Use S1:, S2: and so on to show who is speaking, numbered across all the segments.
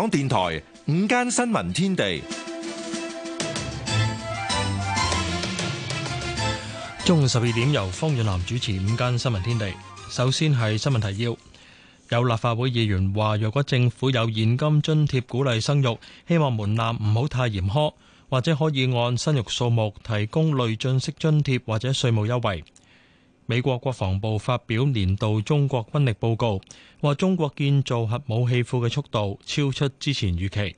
S1: 香港電台午間新聞天地，
S2: 中午十二點，由方遠南主持午間新聞天地。首先係新聞提要，有立法會議員話，若果政府有現金津貼鼓勵生育，希望門檻唔好太嚴苛，或者可以按生育數目提供累進式津貼或者稅務優惠。美國國防部發表年度中國軍力報告，話中國建造核武器庫嘅速度超出之前預期。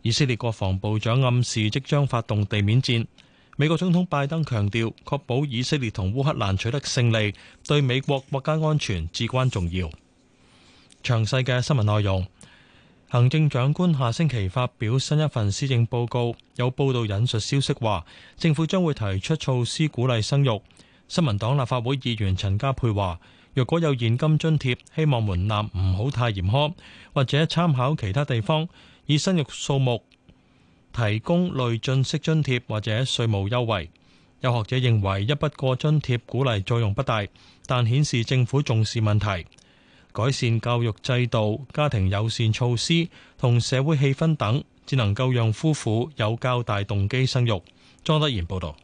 S2: 以色列國防部長暗示即將發動地面戰。美國總統拜登強調，確保以色列同烏克蘭取得勝利，對美國國家安全至關重要。詳細嘅新聞內容，行政長官下星期發表新一份施政報告。有報道引述消息話，政府將會提出措施鼓勵生育。新民黨立法會議員陳家佩話，若果有現金津貼，希望門檻唔好太嚴苛，或者參考其他地方以生育數目提供累進式津貼或者稅務優惠。有學者認為，一筆過津貼鼓勵作用不大，但顯示政府重視問題，改善教育制度、家庭友善措施同社會氣氛等，只能夠讓夫婦有較大動機生育。莊德賢報道。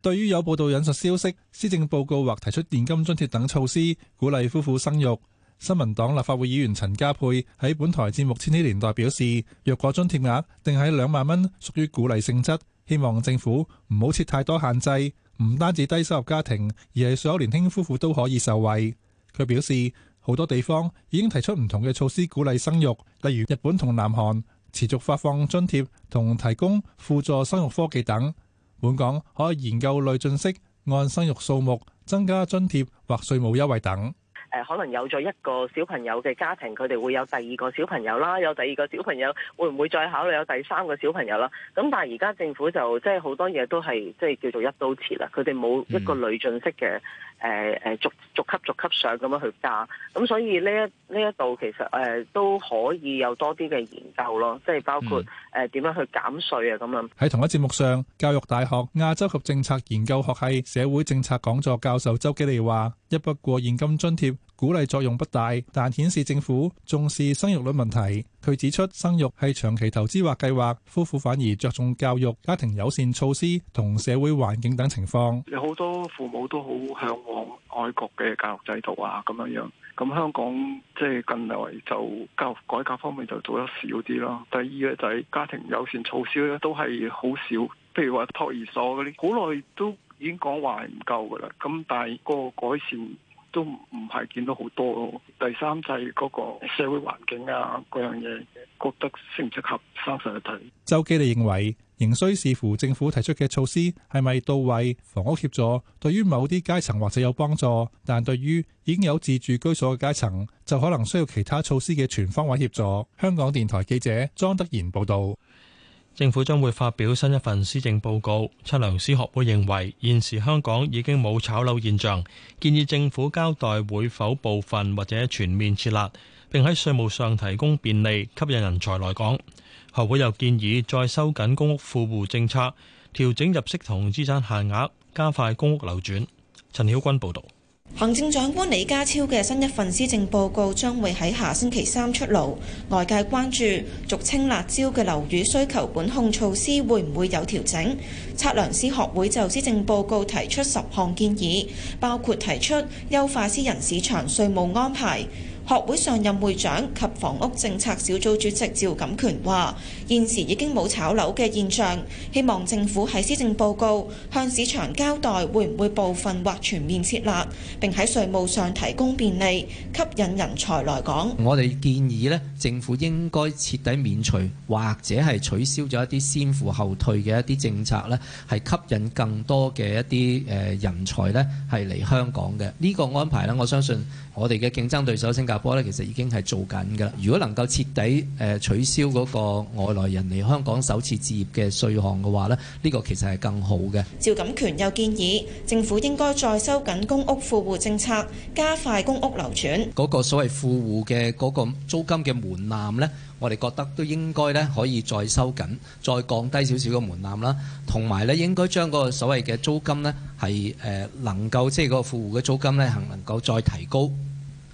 S1: 對於有報道引述消息，施政報告或提出現金津貼等措施鼓勵夫婦生育，新聞黨立法會議員陳家沛喺本台節目千禧年代表示：若果津貼額定喺兩萬蚊，屬於鼓勵性質，希望政府唔好設太多限制，唔單止低收入家庭，而係所有年輕夫婦都可以受惠。佢表示，好多地方已經提出唔同嘅措施鼓勵生育，例如日本同南韓持續發放津貼同提供輔助生育科技等。本港可以研究累進式，按生育數目增加津貼或稅務優惠等。
S3: 誒可能有咗一個小朋友嘅家庭，佢哋會有第二個小朋友啦，有第二個小朋友，會唔會再考慮有第三個小朋友啦？咁但係而家政府就即係好多嘢都係即係叫做一刀切啦，佢哋冇一個累進式嘅誒誒逐逐級逐級上咁樣去加，咁所以呢一呢一度其實誒、呃、都可以有多啲嘅研究咯，即係包括誒點樣去減稅啊咁樣。
S1: 喺同一節目上，教育大學亞洲及政策研究學系社會政策講座教授周基利話。一筆過現金津貼鼓勵作用不大，但顯示政府重視生育率問題。佢指出，生育係長期投資或計劃，夫婦反而着重教育、家庭友善措施同社會環境等情況。
S3: 有好多父母都好向往外國嘅教育制度啊，咁樣樣。咁香港即係近嚟就教育改革方面就做得少啲囉。第二咧就係家庭友善措施咧都係好少，譬如話托兒所嗰啲，好耐都。已經講話係唔夠噶啦，咁但係個改善都唔係見到好多。第三，就係嗰個社會環境啊，嗰樣嘢覺得適唔適合三
S1: 十日提？周基利認為，仍需視乎政府提出嘅措施係咪到位，房屋協助對於某啲階層或者有幫助，但對於已經有自住居所嘅階層，就可能需要其他措施嘅全方位協助。香港電台記者莊德賢報道。政府將會發表新一份施政報告，測量師學會認為
S2: 現時香港已經冇炒樓現象，建議政府交代會否部分或者全面設立，並喺稅務上提供便利吸引人才來港。學會又建議再收緊公屋富戶政策，調整入息同資產限額，加快公屋流轉。陳曉君報導。
S4: 行政長官李家超嘅新一份施政報告將會喺下星期三出爐，外界關注俗清辣椒嘅樓宇需求管控措施會唔會有調整。測量師學會就施政報告提出十項建議，包括提出優化私人市場稅務安排。學會上任會長及房屋政策小組主席趙錦權話：現時已經冇炒樓嘅現象，希望政府喺施政報告向市場交代會唔會部分或全面設立，並喺稅務上提供便利，吸引人才來港。
S5: 人我哋建議咧，政府應該徹底免除或者係取消咗一啲先付後退嘅一啲政策咧，係吸引更多嘅一啲誒人才咧係嚟香港嘅呢個安排咧，我相信。我哋嘅競爭對手新加坡呢，其實已經係做緊㗎。如果能夠徹底誒取消嗰個外來人嚟香港首次置業嘅稅項嘅話咧，呢個其實係更好嘅。
S4: 趙錦權又建議政府應該再收緊公屋富戶政策，加快公屋流轉。
S5: 嗰個所謂富戶嘅嗰個租金嘅門檻呢。我哋覺得都應該咧，可以再收緊、再降低少少個門檻啦，同埋咧應該將嗰個所謂嘅租金咧係誒能夠即係個富戶嘅租金咧，係能夠再提高，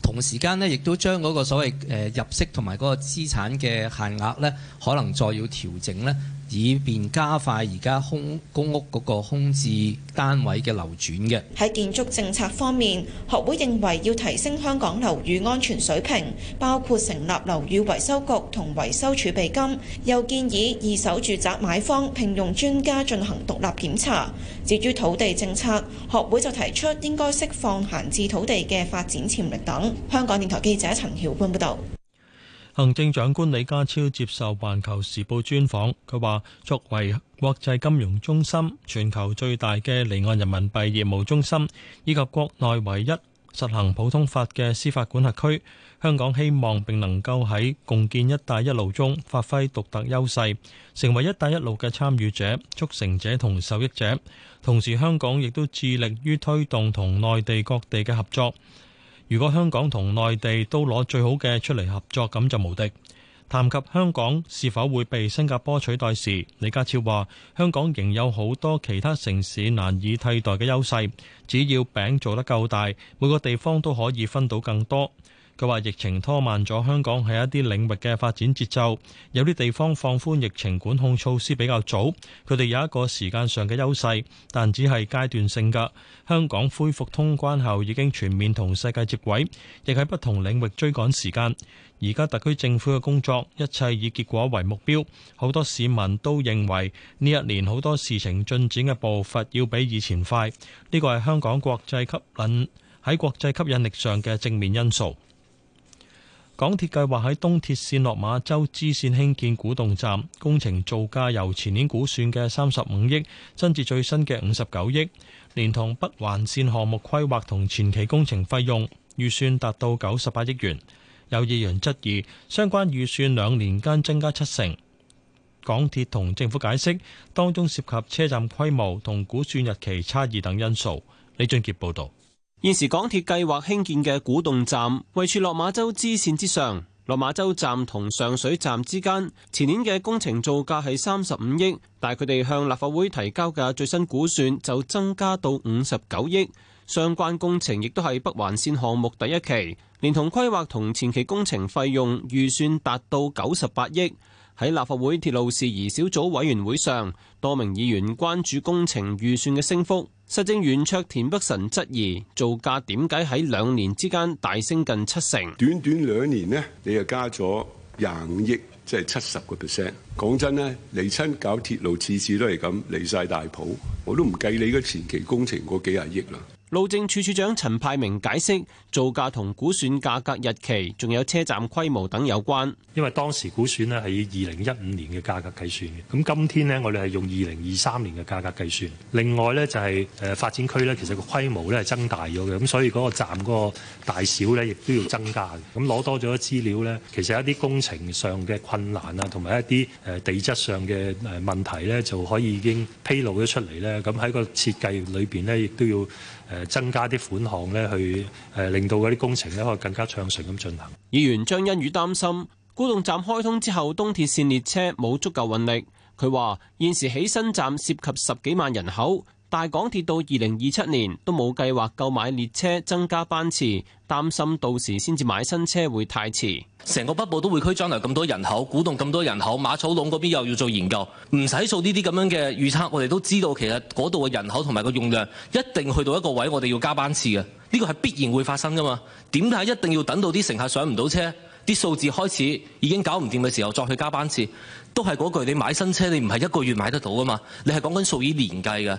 S5: 同時間咧亦都將嗰個所謂誒入息同埋嗰個資產嘅限額咧，可能再要調整咧。以便加快而家空公屋嗰個空置單位嘅流轉嘅。
S4: 喺建築政策方面，學會認為要提升香港樓宇安全水平，包括成立樓宇維修局同維修儲備金，又建議二手住宅買方聘用專家進行獨立檢查。至於土地政策，學會就提出應該釋放閒置土地嘅發展潛力等。香港電台記者陳曉君報道。
S2: 行政長官李家超接受《環球時報》專訪，佢話：作為國際金融中心、全球最大嘅離岸人民幣業務中心，以及國內唯一實行普通法嘅司法管轄區，香港希望並能夠喺共建「一帶一路」中發揮獨特優勢，成為「一帶一路」嘅參與者、促成者同受益者。同時，香港亦都致力於推動同內地各地嘅合作。如果香港同內地都攞最好嘅出嚟合作，咁就無敵。談及香港是否會被新加坡取代時，李家超話：香港仍有好多其他城市難以替代嘅優勢，只要餅做得夠大，每個地方都可以分到更多。佢話疫情拖慢咗香港喺一啲領域嘅發展節奏，有啲地方放寬疫情管控措施比較早，佢哋有一個時間上嘅優勢，但只係階段性噶，香港恢復通關後已經全面同世界接軌，亦喺不同領域追趕時間，而家特區政府嘅工作一切以結果為目標，好多市民都認為呢一年好多事情進展嘅步伐要比以前快。呢個係香港國際吸引喺國際吸引力上嘅正面因素。港鐵計劃喺東鐵線落馬洲支線興建古洞站，工程造價由前年估算嘅三十五億增至最新嘅五十九億，連同北環線項目規劃同前期工程費用預算達到九十八億元。有議員質疑相關預算兩年間增加七成，港鐵同政府解釋當中涉及車站規模同估算日期差異等因素。李俊傑報導。
S6: 現時港鐵計劃興建嘅古洞站，位處落馬洲支線之上，落馬洲站同上水站之間。前年嘅工程造價係三十五億，但係佢哋向立法會提交嘅最新估算就增加到五十九億。相關工程亦都係北環線項目第一期，連同規劃同前期工程費用預算達到九十八億。喺立法會鐵路事宜小組委員會上，多名議員關注工程預算嘅升幅。實政圓桌卓田北辰質疑造價點解喺兩年之間大升近七成。短短兩年呢，你又加咗廿五億，即係七十個 percent。講真呢，黎親搞鐵路次次都係咁，離晒大譜。我都唔計你嘅前期工程嗰幾廿億啦。路政署署長陳派明解釋，造價同估算價格、日期，仲有車站規模等有關。因為當時估算呢係以二零一五年嘅價
S2: 格計算嘅，咁今天呢，我哋係用二零二三年嘅價格計算。另外呢，就係誒發展區呢，其實個規模呢係增大咗嘅，咁所以嗰個站嗰個大小呢亦都要增加嘅。咁攞多咗資料呢，其實一啲工程上嘅困難啊，同埋一啲誒地質上嘅誒問題呢，就可以已經披露咗出嚟呢。咁喺個設計裏邊呢，亦都要，誒增加啲款項咧，去誒令到嗰啲工程咧可以更加暢
S6: 順咁進行。議員張欣宇擔心古洞站開通之後，東鐵線列車冇足夠運力。佢話現時起新站涉及十幾萬人口。大港鐵到二零二七年都冇計劃購買列車增加班次，擔心到時先至買新車會太遲。成個北部都會區將來咁多人口，鼓動咁多人口，馬草壟嗰邊又要做研究，唔使做呢啲咁樣嘅預測。我哋都知道，其實嗰度嘅人口同埋個用量一定去到一個位，我哋要加班次嘅呢個係必然會發生㗎嘛。點解一定要等到啲乘客上唔到車，啲數字開始已經搞唔掂嘅時候再去加班次？都係嗰句，你買新車你唔係一個月買得到㗎嘛？你係講緊數以年計嘅。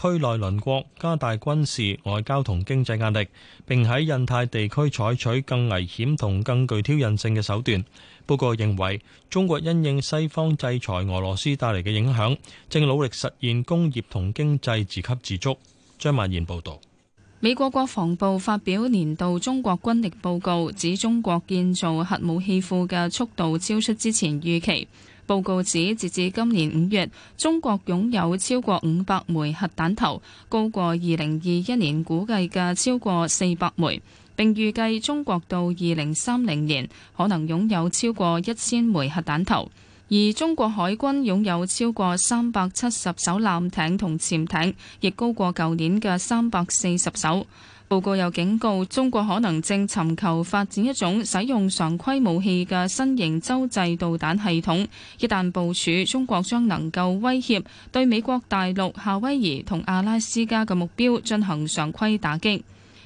S2: 區內鄰國加大軍事、外交同經濟壓力，並喺印太地區採取更危險同更具挑釁性嘅手段。報告認為，中國因應西方制裁俄羅斯帶嚟嘅影響，正努力實現工業同經濟自給自足。張曼言報導。
S7: 美國國防部發表年度中國軍力報告，指中國建造核武器庫嘅速度超出之前預期。報告指，截至今年五月，中國擁有超過五百枚核彈頭，高過二零二一年估計嘅超過四百枚。並預計中國到二零三零年可能擁有超過一千枚核彈頭，而中國海軍擁有超過三百七十艘艦艇同潛艇，亦高過舊年嘅三百四十艘。報告又警告，中國可能正尋求發展一種使用常規武器嘅新型洲際導彈系統。一旦部署，中國將能夠威脅對美國大陸、夏威夷同阿拉斯加嘅目標進行常規打擊。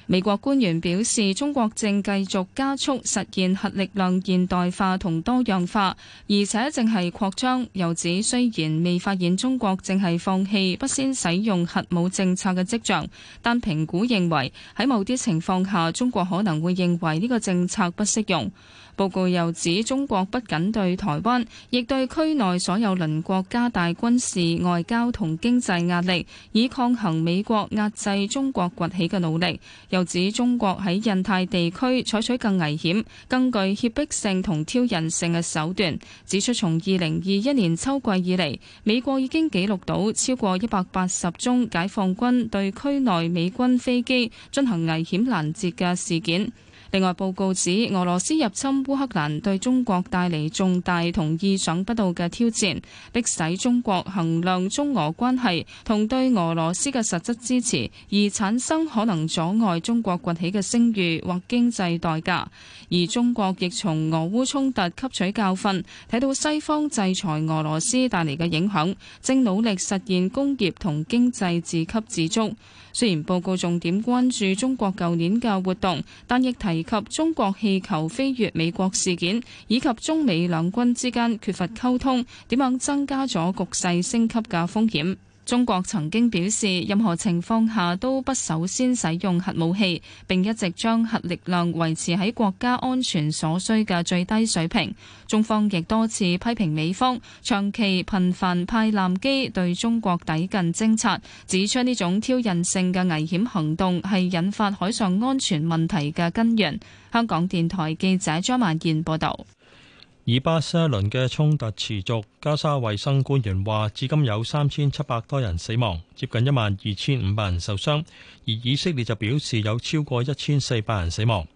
S7: 美國官員表示，中國正繼續加速實現核力量現代化同多樣化，而且正係擴張。又指雖然未發現中國正係放棄不先使用核武政策嘅跡象，但評估認為，喺某啲情況下，中國可能會認為呢個政策不適用。報告又指，中國不僅對台灣，亦對區內所有鄰國加大軍事、外交同經濟壓力，以抗衡美國壓制中國崛起嘅努力。又指中國喺印太地區採取更危險、更具脅迫性同挑釁性嘅手段。指出從二零二一年秋季以嚟，美國已經記錄到超過一百八十宗解放軍對區內美軍飛機進行危險攔截嘅事件。另外報告指，俄羅斯入侵烏克蘭對中國帶嚟重大同意想不到嘅挑戰，迫使中國衡量中俄關係同對俄羅斯嘅實質支持，而產生可能阻礙中國崛起嘅聲譽或經濟代價，而中國亦從俄烏衝突吸取教訓，睇到西方制裁俄羅斯帶嚟嘅影響，正努力實現工業同經濟自給自足。雖然報告重點關注中國舊年嘅活動，但亦提。以及中國氣球飛越美國事件，以及中美兩軍之間缺乏溝通，點樣增加咗局勢升級嘅風險。中國曾經表示，任何情況下都不首先使用核武器，並一直將核力量維持喺國家安全所需嘅最低水平。中方亦多次批評美方長期頻繁派艦機對中國抵近偵察，指出呢種挑釁性嘅危險行動係引發海上安全問題嘅根源。香港電台記者張萬健報導。
S2: 以巴新一輪嘅衝突持續，加沙衛生官員話，至今有三千七百多人死亡，接近一萬二千五百人受傷。而以色列就表示有超過一千四百人死亡。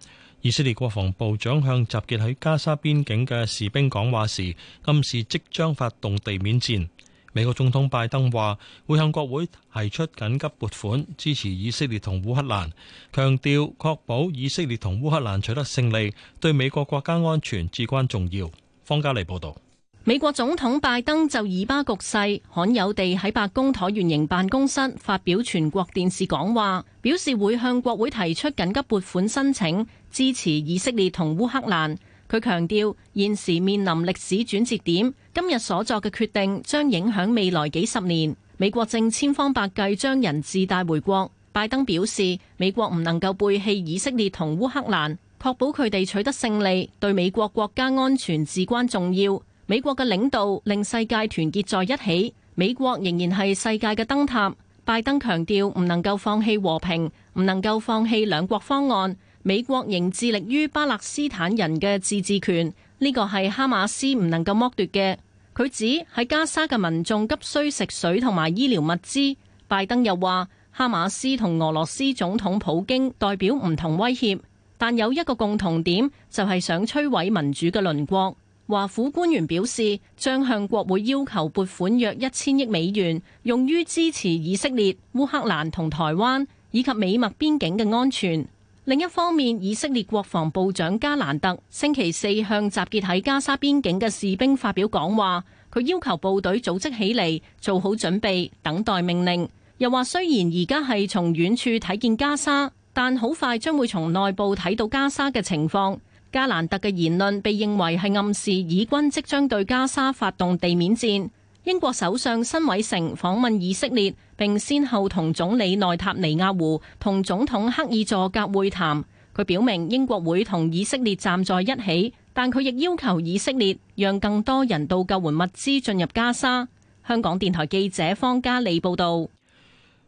S2: 以色列國防部長向集結喺加沙邊境嘅士兵講話時，暗示即將發動地面戰。美國總統拜登話，會向國會提出緊急撥款支持以色列同烏克蘭，強調確保以色列同烏克蘭取得勝利，對美國國家安全至關重要。方家莉報道，
S8: 美國總統拜登就以巴局勢罕有地喺白宮橢圓形辦公室發表全國電視講話，表示會向國會提出緊急撥款申請，支持以色列同烏克蘭。佢強調，現時面臨歷史轉折點，今日所作嘅決定將影響未來幾十年。美國正千方百計將人質帶回國。拜登表示，美國唔能夠背棄以色列同烏克蘭。確保佢哋取得勝利，對美國國家安全至關重要。美國嘅領導令世界團結在一起，美國仍然係世界嘅燈塔。拜登強調唔能夠放棄和平，唔能夠放棄兩國方案。美國仍致力於巴勒斯坦人嘅自治權，呢個係哈馬斯唔能夠剝奪嘅。佢指喺加沙嘅民眾急需食水同埋醫療物資。拜登又話，哈馬斯同俄羅斯總統普京代表唔同威脅。但有一個共同點就係、是、想摧毀民主嘅鄰國。華府官員表示，將向國會要求撥款約一千億美元，用於支持以色列、烏克蘭同台灣以及美墨邊境嘅安全。另一方面，以色列國防部長加蘭特星期四向集結喺加沙邊境嘅士兵發表講話，佢要求部隊組織起嚟，做好準備，等待命令。又話，雖然而家係從遠處睇見加沙。但好快將會從內部睇到加沙嘅情況，加蘭特嘅言論被認為係暗示以軍即將對加沙發動地面戰。英國首相辛偉誠訪問以色列，並先後同總理內塔尼亞胡同總統克爾佐格會談，佢表明英國會同以色列站在一起，但佢亦要求以色列讓更多人道救援物資進入加沙。香港電台記者方嘉莉報道。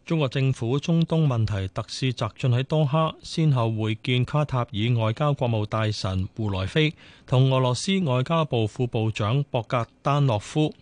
S2: 中國政府中東問題特使澤俊喺多哈先後會見卡塔爾外交國務大臣胡來菲同俄羅斯外交部副部長博格丹諾夫，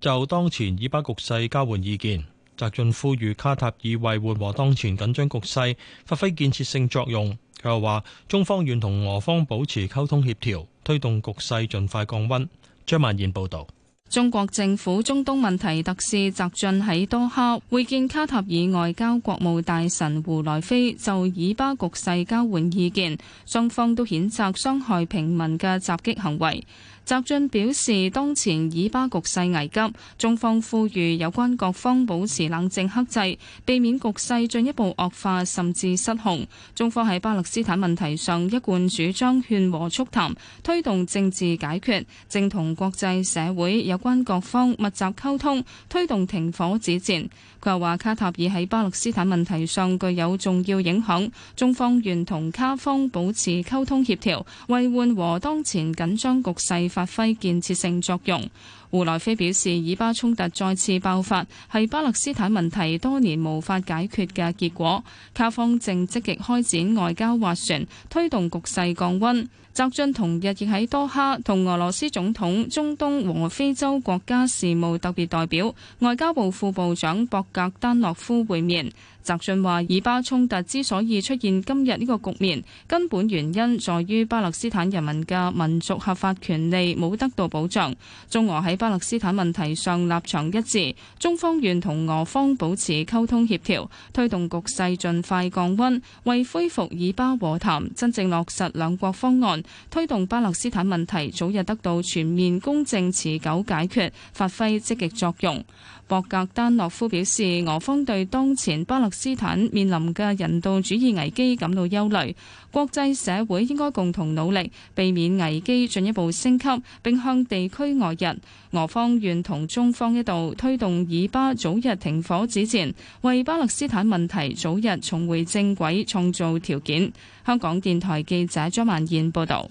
S2: 就當前以巴局勢交換意見。澤俊呼籲卡塔爾為緩和當前緊張局勢發揮建設性作用。佢又話：中方願同俄方保持溝通協調，推動局勢盡快降溫。張曼燕報導。
S7: 中國政府中東問題特使翟雋喺多哈會見卡塔爾外交國務大臣胡萊菲，就以巴局勢交換意見，雙方都譴責傷害平民嘅襲擊行為。習近平表示，當前以巴局勢危急，中方呼籲有關各方保持冷靜克制，避免局勢進一步惡化甚至失控。中方喺巴勒斯坦問題上一貫主張勸和促談，推動政治解決，正同國際社會有關各方密集溝通，推動停火止戰。就話卡塔爾喺巴勒斯坦問題上具有重要影響，中方願同卡方保持溝通協調，為緩和當前緊張局勢發揮建設性作用。胡來菲表示，以巴衝突再次爆發係巴勒斯坦問題多年無法解決嘅結果，卡方正積極開展外交斡旋，推動局勢降溫。澤俊同日亦喺多哈同俄羅斯總統、中東和非洲國家事務特別代表、外交部副部長博格丹諾夫會面。澤俊話：以巴衝突之所以出現今日呢個局面，根本原因在於巴勒斯坦人民嘅民族合法權利冇得到保障。中俄喺巴勒斯坦問題上立場一致，中方願同俄方保持溝通協調，推動局勢盡快降温，為恢復以巴和談，真正落實兩國方案。推動巴勒斯坦問題早日得到全面公正持久解決，發揮積極作用。博格丹諾夫表示，俄方對當前巴勒斯坦面臨嘅人道主義危機感到憂慮，國際社會應該共同努力，避免危機進一步升級，並向地區外溢。俄方願同中方一道推動以巴早日停火止戰，為巴勒斯坦問題早日重回正軌創造條件。香港電台記者張曼燕報導。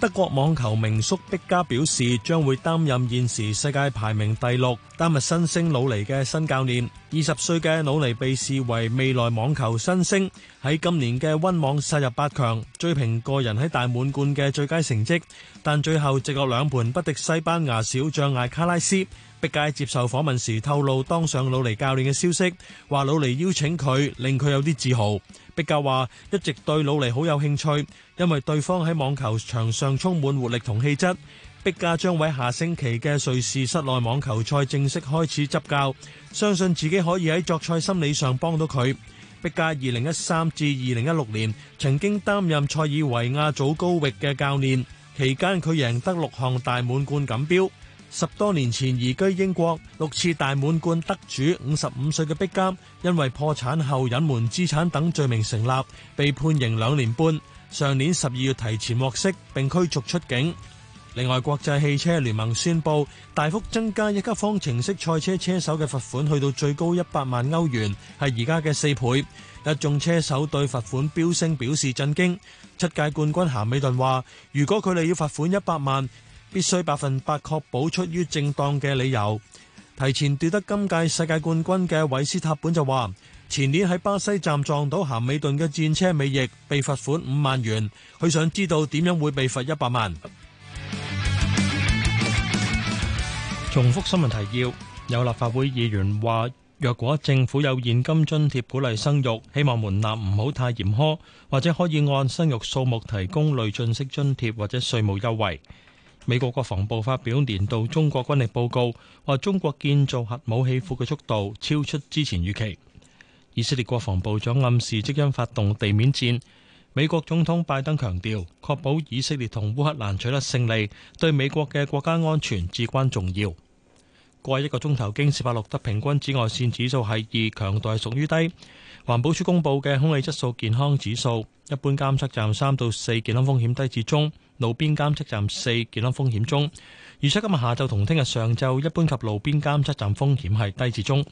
S2: 德國網球名宿碧加表示，將會擔任現時世界排名第六、丹麥新星魯尼嘅新教練。二十歲嘅魯尼被視為未來網球新星，喺今年嘅溫網殺入八強，追平個人喺大滿貫嘅最佳成績，但最後直落兩盤不敵西班牙小將艾卡拉斯。碧加接受訪問時透露當上魯尼教練嘅消息，話魯尼邀請佢，令佢有啲自豪。碧加話一直對魯尼好有興趣。因為對方喺網球場上充滿活力同氣質，碧加將會喺下星期嘅瑞士室內網球賽正式開始執教，相信自己可以喺作賽心理上幫到佢。碧加二零一三至二零一六年曾經擔任塞爾維亞祖高域嘅教練，期間佢贏得六項大滿貫錦標。十多年前移居英國，六次大滿貫得主五十五歲嘅碧加，因為破產後隱瞞資產等罪名成立，被判刑兩年半。上年十二月提前獲釋並驅逐出境。另外，國際汽車聯盟宣布大幅增加一級方程式賽車車手嘅罰款，去到最高一百萬歐元，係而家嘅四倍。一眾車手對罰款飆升表示震驚。七屆冠軍咸美頓話：如果佢哋要罰款一百萬，必須百分百確保出於正當嘅理由。提前奪得今屆世界冠軍嘅韋斯塔本就話。前年喺巴西站撞到咸美頓嘅戰車尾翼，被罰款五萬元。佢想知道點樣會被罰一百萬？重複新聞提要：有立法會議員話，若果政府有現金津貼鼓勵生育，希望門檻唔好太嚴苛，或者可以按生育數目提供累進式津貼或者稅務優惠。美國國防部發表年度中國軍力報告，話中國建造核武器庫嘅速度超出之前預期。以色列國防部長暗示即將發動地面戰。美國總統拜登強調，確保以色列同烏克蘭取得勝利，對美國嘅國家安全至關重要。過一個鐘頭，京士柏錄得平均紫外線指數係二，強度係屬於低。環保署公布嘅空氣質素健康指數，一般監測站三到四，健康風險低至中；路邊監測站四，健康風險中。預測今日下晝同聽日上晝，一般及路邊監測站風險係低至中。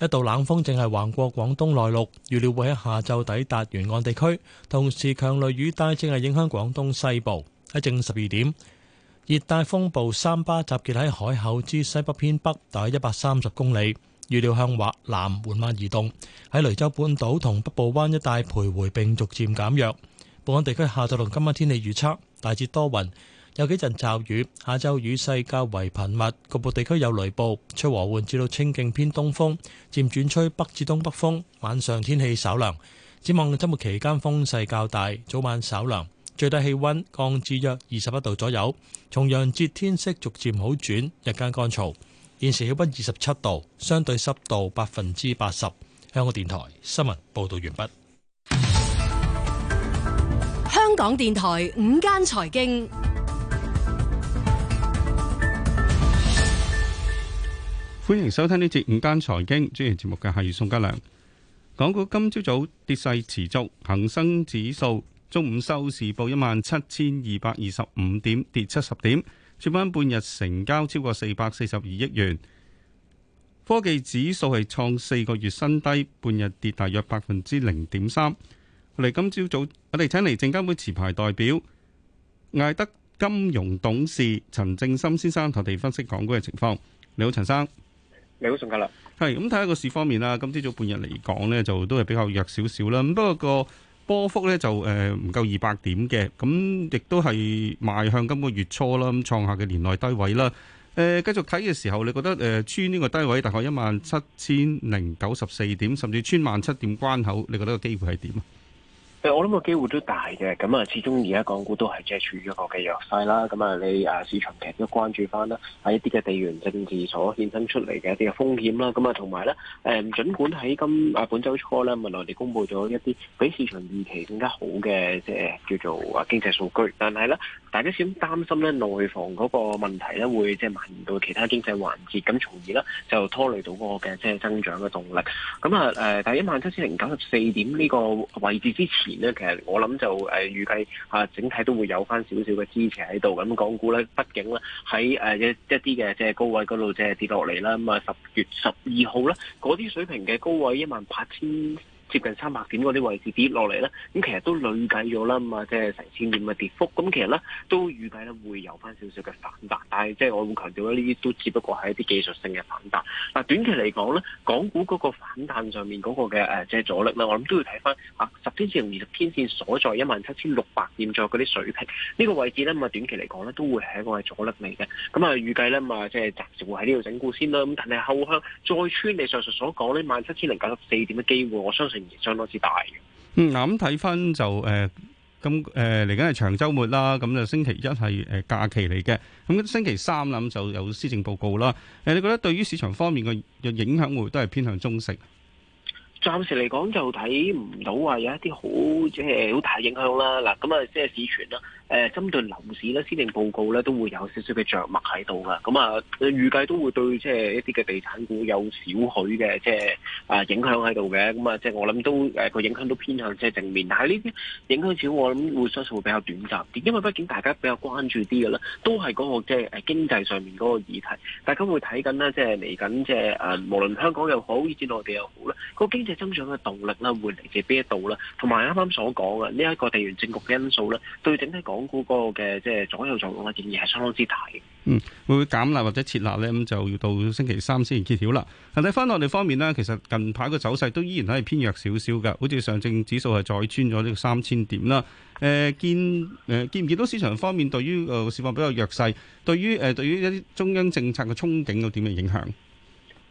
S2: 一道冷風正係橫過廣東內陸，預料會喺下晝抵達沿岸地區。同時，強雷雨帶正係影響廣東西部。喺正十二點，熱帶風暴三巴集結喺海口之西北偏北大約一百三十公里，預料向華南緩慢移動，喺雷州半島同北部灣一帶徘徊，並逐漸減弱。本港地區下晝同今晚天氣預測大致多雲。有幾陣驟雨，下晝雨勢較為頻密，局部地區有雷暴。吹和緩至到清勁偏東風，漸轉吹北至東北風。晚上天氣稍涼，展望周末期間風勢較大，早晚稍涼，最低氣温降至約二十一度左右。重陽節天色逐漸好轉，日間乾燥。現時氣温二十七度，相對濕度百分之八十。香港電台新聞報道完畢。
S9: 香港電台午間財經。
S10: 歡迎收聽呢節午間財經專頁節目嘅係宋家良。港股今朝早，早跌勢持續，恒生指數中午收市報一萬七千二百二十五點，跌七十點。主板半日成交超過四百四十二億元。科技指數係創四個月新低，半日跌大約百分之零點三。我哋今朝早我哋請嚟證監會持牌代表艾德金融董事陳正森先生，同我哋分析港股嘅情況。你好，陳生。你好，宋家樂。係，咁睇下個市方面啦。今朝早半日嚟講呢，就都係比較弱少少啦。咁不過個波幅呢，就誒唔夠二百點嘅。咁亦都係邁向今個月初啦，咁創下嘅年內低位啦。誒，繼續睇嘅時候，你覺得誒穿呢個低位大概一萬七千零九十四點，甚至穿萬七點關口，你覺得個機會係點啊？
S3: 我諗個機會都大嘅，咁啊，始終而家港股都係即係處於一個嘅弱勢啦。咁啊，你誒市場其實都關注翻啦，喺一啲嘅地緣政治所衍生出嚟嘅一啲嘅風險啦。咁啊，同埋咧，誒，儘管喺今啊本週初咧，咪內地公布咗一啲比市場預期更加好嘅，即係叫做啊經濟數據，但係咧，大家少擔心咧內房嗰個問題咧會即係蔓延到其他經濟環節，咁從而咧就拖累到嗰個嘅即係增長嘅動力。咁啊，第一萬七千零九十四點呢個位置之前，咧，其實我諗就誒預計啊，整體都會有翻少少嘅支持喺度。咁港股咧，畢竟咧喺誒一一啲嘅即係高位嗰度即係跌落嚟啦。咁啊，十月十二號咧，嗰啲水平嘅高位一萬八千，接近三百點嗰啲位置跌落嚟咧，咁其實都累計咗啦，咁啊即係成千點嘅跌幅，咁、嗯、其實咧都預計咧會有翻少少嘅反彈，但係即係我會強調呢啲都只不過係一啲技術性嘅反彈。嗱、啊，短期嚟講咧，港股嗰個反彈上面嗰個嘅誒即係阻力咧，我諗都要睇翻啊十天線同二十天線所在一萬七千六百點左右嗰啲水平，呢、這個位置咧，咁啊，短期嚟講咧都會係一個係阻力嚟嘅，咁、嗯、啊、呃、預計咧咁啊，即係暫時會喺呢度整固先啦，咁但係後向再穿你上述所講咧萬七千零九十四點嘅機會，我相信。相當之大
S10: 嘅。嗯，嗱咁睇翻就誒，咁誒嚟緊係長週末啦，咁就星期一係誒假期嚟嘅。咁星期三咁就有施政報告啦。誒，你覺得對於市場方面嘅嘅影響會都係偏向中性？
S3: 暫時嚟講就睇唔到話有一啲好即係好大影響啦。嗱，咁啊，即係市傳啦。誒針對樓市咧，施政報告咧都會有少少嘅着墨喺度噶，咁啊預計都會對即係一啲嘅地產股有少許嘅、嗯、即係啊影響喺度嘅，咁啊即係我諗都誒個影響都偏向即係正面，但係呢啲影響少，我諗會相信會比較短暫啲，因為畢竟大家比較關注啲嘅啦，都係嗰、嗰個即係誒經濟上面嗰個議題，大家會睇緊咧，即係嚟緊即係啊無論香港又好，以至內地又好啦，個經濟增長嘅動力啦會嚟自邊一度啦，同埋啱啱所講嘅呢一個地緣政局嘅因素咧，對整體講。港嗰個
S10: 嘅即係左右作用嘅建義係相當之大，嗯，會唔會減壓或者撤立咧？咁就要到星期三先揭曉啦。睇翻內地方面呢，其實近排個走勢都依然係偏弱少少嘅，好似上證指數係再穿咗呢個三千點啦。誒、呃，見誒、呃、見唔見到市場方面對於個、呃、市況比較弱勢？對於誒、呃、對於一啲中央政策嘅憧憬有點樣影響？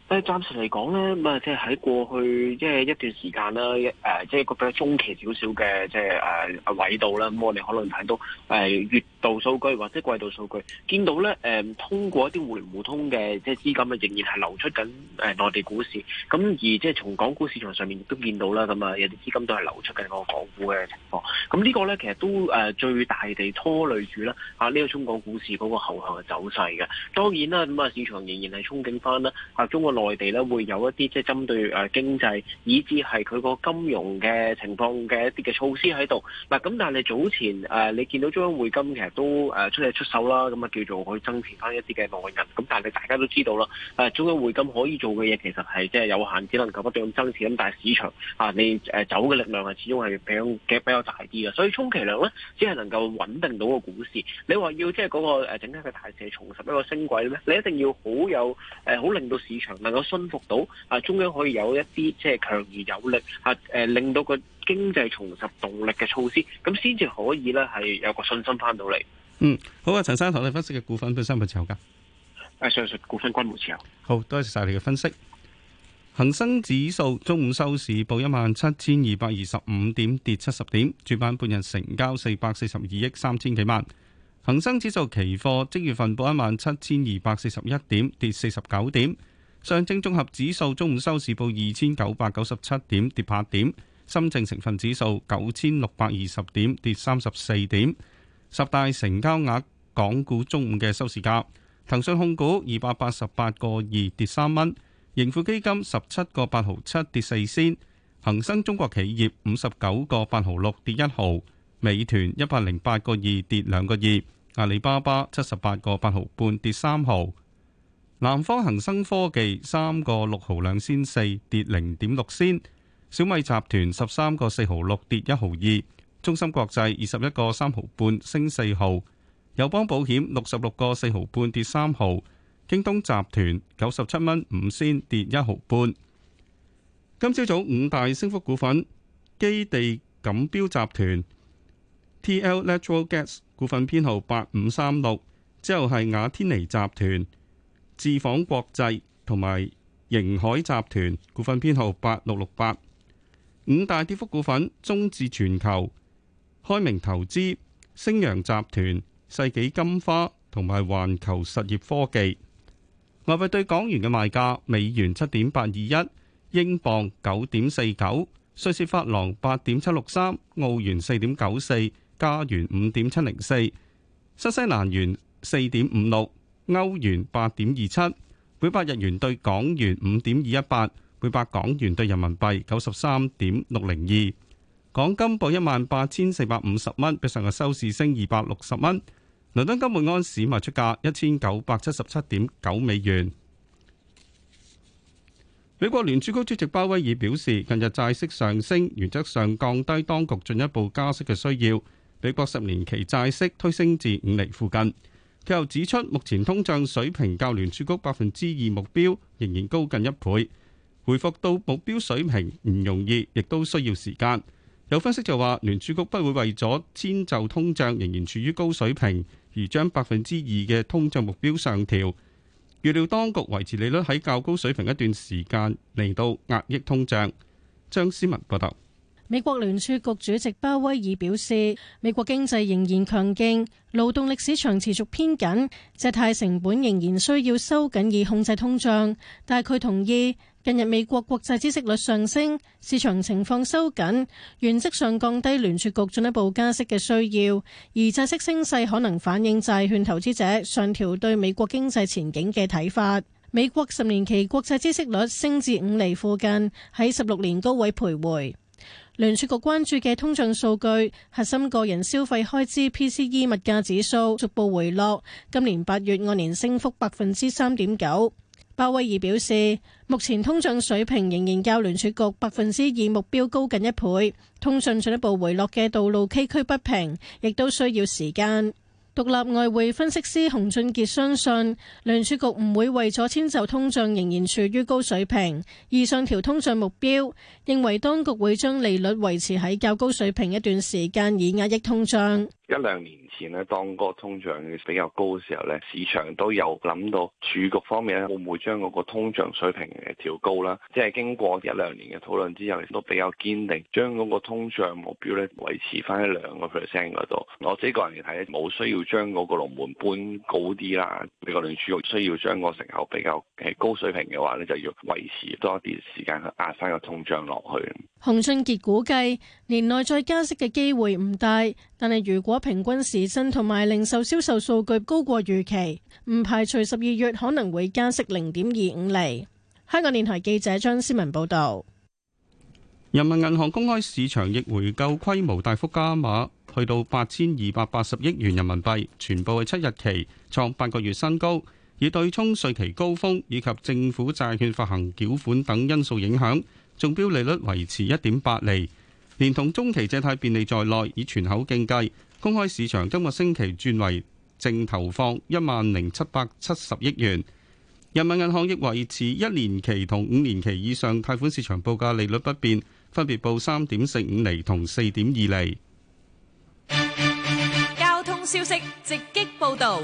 S3: 誒暫時嚟講咧，咁啊，即係喺過去即係一段時間啦，誒、呃，即、就、係、是、個比較中期少少嘅，即係誒位度啦。咁我哋可能睇到誒月度數據或者季度數據，見到咧誒、呃，通過一啲互聯互通嘅即係資金啊，仍然係流出緊誒內地股市。咁而即係從港股市場上面亦都見到啦，咁、嗯、啊，有啲資金都係流出緊個港股嘅情況。咁、嗯這個、呢個咧其實都誒、呃、最大地拖累住啦，啊呢、這個中國股市嗰個後向嘅走勢嘅。當然啦，咁啊市場仍然係憧憬翻啦，啊中國。內地咧會有一啲即係針對誒經濟，以至係佢個金融嘅情況嘅一啲嘅措施喺度。嗱咁，但係你早前誒你見到中央匯金其實都誒出嚟出手啦，咁啊叫做去增持翻一啲嘅內銀。咁但係你大家都知道啦，誒中央匯金可以做嘅嘢其實係即係有限，只能夠不斷增持。咁但係市場啊，你誒走嘅力量係始終係比較比較大啲嘅，所以充其量咧，只係能夠穩定到個股市。你話要即係嗰個整體嘅大市重拾一個升軌咧，你一定要好有誒好令到市場。能夠馴服到啊，中央可以有一啲即係強而有力啊，誒，令到個經濟重拾動力嘅措施，咁先至可以呢，係有個信心翻到嚟。
S10: 嗯，好啊，陳生，同你分析嘅股份本身係咪持有噶，
S3: 上述、啊、股份均冇持有。
S10: 好多謝晒你嘅分析。恒生指數中午收市報一萬七千二百二十五點，跌七十點，主板半日成交四百四十二億三千幾萬。恒生指數期貨即月份報一萬七千二百四十一點，跌四十九點。上證綜合指數中午收市報二千九百九十七點，跌八點；深證成分指數九千六百二十點，跌三十四點。十大成交額港股中午嘅收市價：騰訊控股二百八十八個二跌三蚊；盈富基金十七個八毫七跌四仙；恒生中國企業五十九個八毫六跌一毫；美團一百零八個二跌兩個二；阿里巴巴七十八個八毫半跌三毫。南方恒生科技三個六毫兩仙四，跌零點六仙。小米集團十三個四毫六，跌一毫二。中芯國際二十一個三毫半，升四毫。友邦保險六十六個四毫半，跌三毫。京東集團九十七蚊五仙，跌一毫半。今朝早五大升幅股份，基地錦標集團 T.L. Natural Gas 股份編號八五三六，之後係雅天尼集團。智房國際同埋盈海集團股份編號八六六八。五大跌幅股份：中智全球、開明投資、星陽集團、世紀金花同埋環球實業科技。外匯對港元嘅賣價：美元七點八二一，英鎊九點四九，瑞士法郎八點七六三，澳元四點九四，加元五點七零四，新西蘭元四點五六。歐元八點二七，每百日元對港元五點二一八，每百港元對人民幣九十三點六零二。港金報一萬八千四百五十蚊，比上日收市升二百六十蚊。倫敦金每盎司賣出價一千九百七十七點九美元。美國聯儲局主席鮑威爾表示，近日債息上升，原則上降低當局進一步加息嘅需要。美國十年期債息推升至五厘附近。佢又指出，目前通脹水平較聯儲局百分之二目標仍然高近一倍，回復到目標水平唔容易，亦都需要時間。有分析就話，聯儲局不會為咗遷就通脹仍然處於高水平，而將百分之二嘅通脹目標上調。預料當局維持利率喺較高水平一段時間，嚟到壓抑通脹。張思文報道。
S9: 美國聯儲局主席鮑威爾表示，美國經濟仍然強勁，勞動力市場持續偏緊，借貸成本仍然需要收緊以控制通脹。但係佢同意，近日美國國債孳息率上升，市場情況收緊，原則上降低聯儲局進一步加息嘅需要。而債息升勢可能反映債券投資者上調對美國經濟前景嘅睇法。美國十年期國債孳息率升至五厘附近，喺十六年高位徘徊。聯儲局關注嘅通脹數據，核心個人消費開支 PCE 物價指數逐步回落，今年八月按年升幅百分之三點九。鮑威爾表示，目前通脹水平仍然較聯儲局百分之二目標高近一倍，通脹進一步回落嘅道路崎嶇不平，亦都需要時間。獨立外匯分析師洪俊杰相信，聯儲局唔會為咗遷就通脹，仍然處於高水平而上調通脹目標，認為當局會將利率維持喺較高水平一段時間，以壓抑通脹。
S10: 一兩年前咧，當嗰個通脹比較高嘅時候呢，市場都有諗到，儲局方面咧會唔會將嗰個通脹水平誒調高啦？即係經過一兩年嘅討論之後，亦都比較堅定將嗰個通脹目標咧維持翻喺兩個 percent 嗰度。我自己個人嚟睇，冇需要將嗰個龍門搬高啲啦。如果聯儲局需要將個成效比較係高水平嘅話呢，就要維
S1: 持多啲時間去壓翻個通脹落去。
S9: 洪俊杰估計年內再加息嘅機會唔大。但係，如果平均時薪同埋零售銷售數據高過預期，唔排除十二月可能會加息零點二五厘。香港電台記者張思文報道，
S10: 人民銀行公開市場逆回購規模大幅加碼，去到八千二百八十億元人民幣，全部係七日期，創八個月新高。以對沖稅期高峰以及政府債券發行繳款等因素影響，中標利率維持一點八厘。連同中期借貸便利在內，以全口徑計，公開市場今個星期轉為淨投放一萬零七百七十億元。人民銀行亦維持一年期同五年期以上貸款市場報價利率不變，分別報三點四五厘同四點二厘。
S8: 交通消息直擊報道。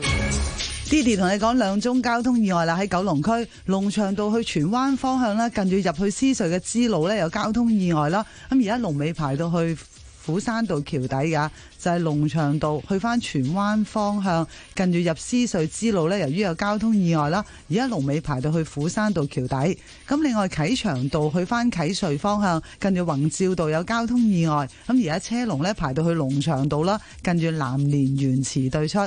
S11: 啲啲同你講兩宗交通意外啦，喺九龍區龍翔道去荃灣方向咧，近住入去獅隧嘅支路咧，有交通意外啦。咁而家龍尾排到去斧山道橋底㗎，就係龍翔道去翻荃灣方向，近住入獅隧支路咧，由於有交通意外啦。而家龍尾排到去斧山道橋底。咁另外啟祥道去翻啟隧方向，近住宏照道有交通意外。咁而家車龍咧排到去龍翔道啦，近住南蓮園池對出。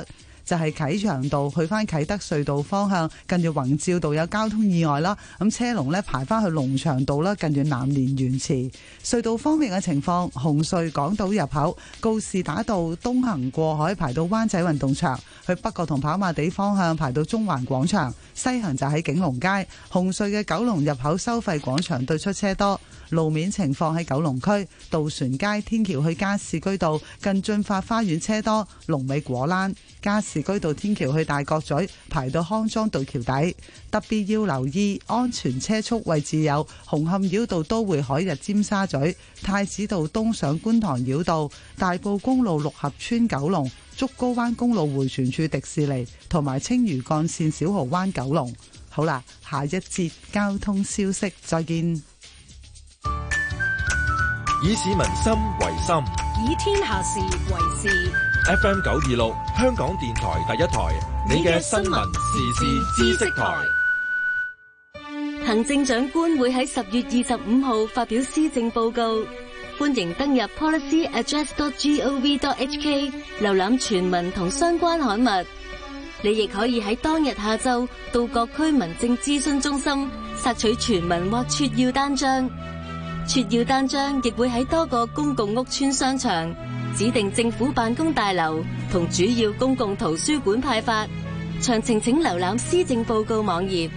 S11: 就係啟祥道去翻啟德隧道方向，近住宏照道有交通意外啦。咁車龍呢排翻去龍翔道啦，近住南蓮園池。隧道方面嘅情況，紅隧港島入口告士打道東行過海排到灣仔運動場，去北角同跑馬地方向排到中環廣場；西行就喺景隆街紅隧嘅九龍入口收費廣場對出車多，路面情況喺九龍區渡船街天橋去加士居道近駿發花園車多，龍尾果欄。加士居道天橋去大角咀，排到康莊道橋底，特別要留意安全車速，位置有紅磡繞道都會海日尖沙咀、太子道東上觀塘繞道、大埔公路六合村九龍、竹篙灣公路迴旋處迪士尼同埋青嶼幹線小蠔灣九龍。好啦，下一節交通消息，再見。
S1: 以市民心為心，
S11: 以天下事為事。
S1: FM 九二六，香港電台第一台，你嘅新聞時事知識台。
S8: 行政長官會喺十月二十五號發表施政報告，歡迎登入 policyaddress.gov.hk 瀏覽全文同相關刊物。你亦可以喺當日下晝到各區民政諮詢中心索取全文或撮要單張，撮要單張亦會喺多個公共屋邨商場。指定政府辦公大樓同主要公共圖書館派發，詳情請瀏覽施政報告網頁。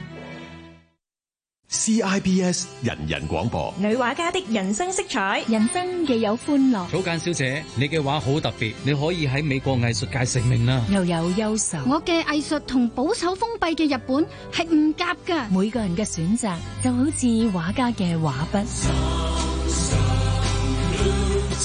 S3: CIBS
S5: 人人廣播，
S8: 女畫家的人生色彩，人生亦有歡樂。
S5: 草間小姐，你嘅畫好特別，你可以喺美國藝術界成名啦。
S8: 又有憂愁，我嘅藝術同保守封閉嘅日本係唔夾噶。每個人嘅選擇就好似畫家嘅畫筆。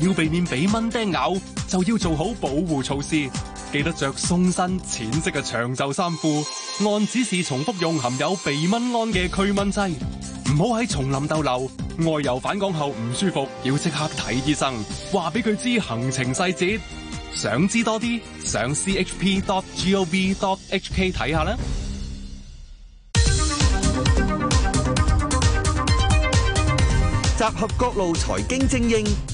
S6: 要避免被蚊叮咬，就要做好保護措施。記得着鬆身淺色嘅長袖衫褲。按指示重複用含有避蚊胺嘅驅蚊劑。唔好喺叢林逗留。外遊返港後唔舒服，要即刻睇醫生。話俾佢知行程細節。想知多啲，上 c h p dot g o v dot h k 睇下啦。
S2: 集合各路財經精英。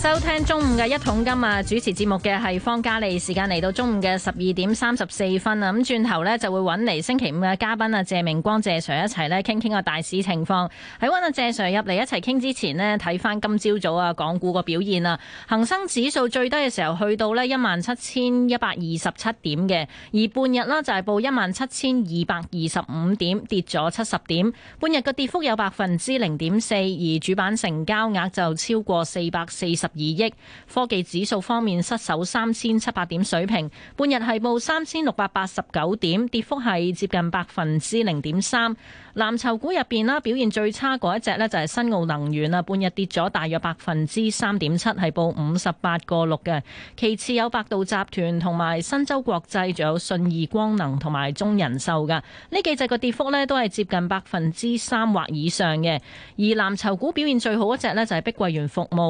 S8: 收聽中午嘅一桶金啊！主持節目嘅係方嘉利，時間嚟到中午嘅十二點三十四分啊！咁轉頭呢就會揾嚟星期五嘅嘉賓啊，謝明光、謝 Sir 一齊呢傾傾個大市情況。喺揾阿謝 Sir 入嚟一齊傾之前呢，睇翻今朝早啊港股個表現啦。恒生指數最低嘅時候去到呢一萬七千一百二十七點嘅，而半日啦就係報一萬七千二百二十五點，跌咗七十點，半日嘅跌幅有百分之零點四，而主板成交額就超過四百四十二億，科技指數方面失守三千七百點水平，半日係報三千六百八十九點，跌幅係接近百分之零點三。藍籌股入邊啦，表現最差嗰一隻呢就係新奧能源啦，半日跌咗大約百分之三點七，係報五十八個六嘅。其次有百度集團同埋申洲國際，仲有信義光能同埋中人壽嘅呢幾隻嘅跌幅呢都係接近百分之三或以上嘅。而藍籌股表現最好一隻呢就係碧桂園服務。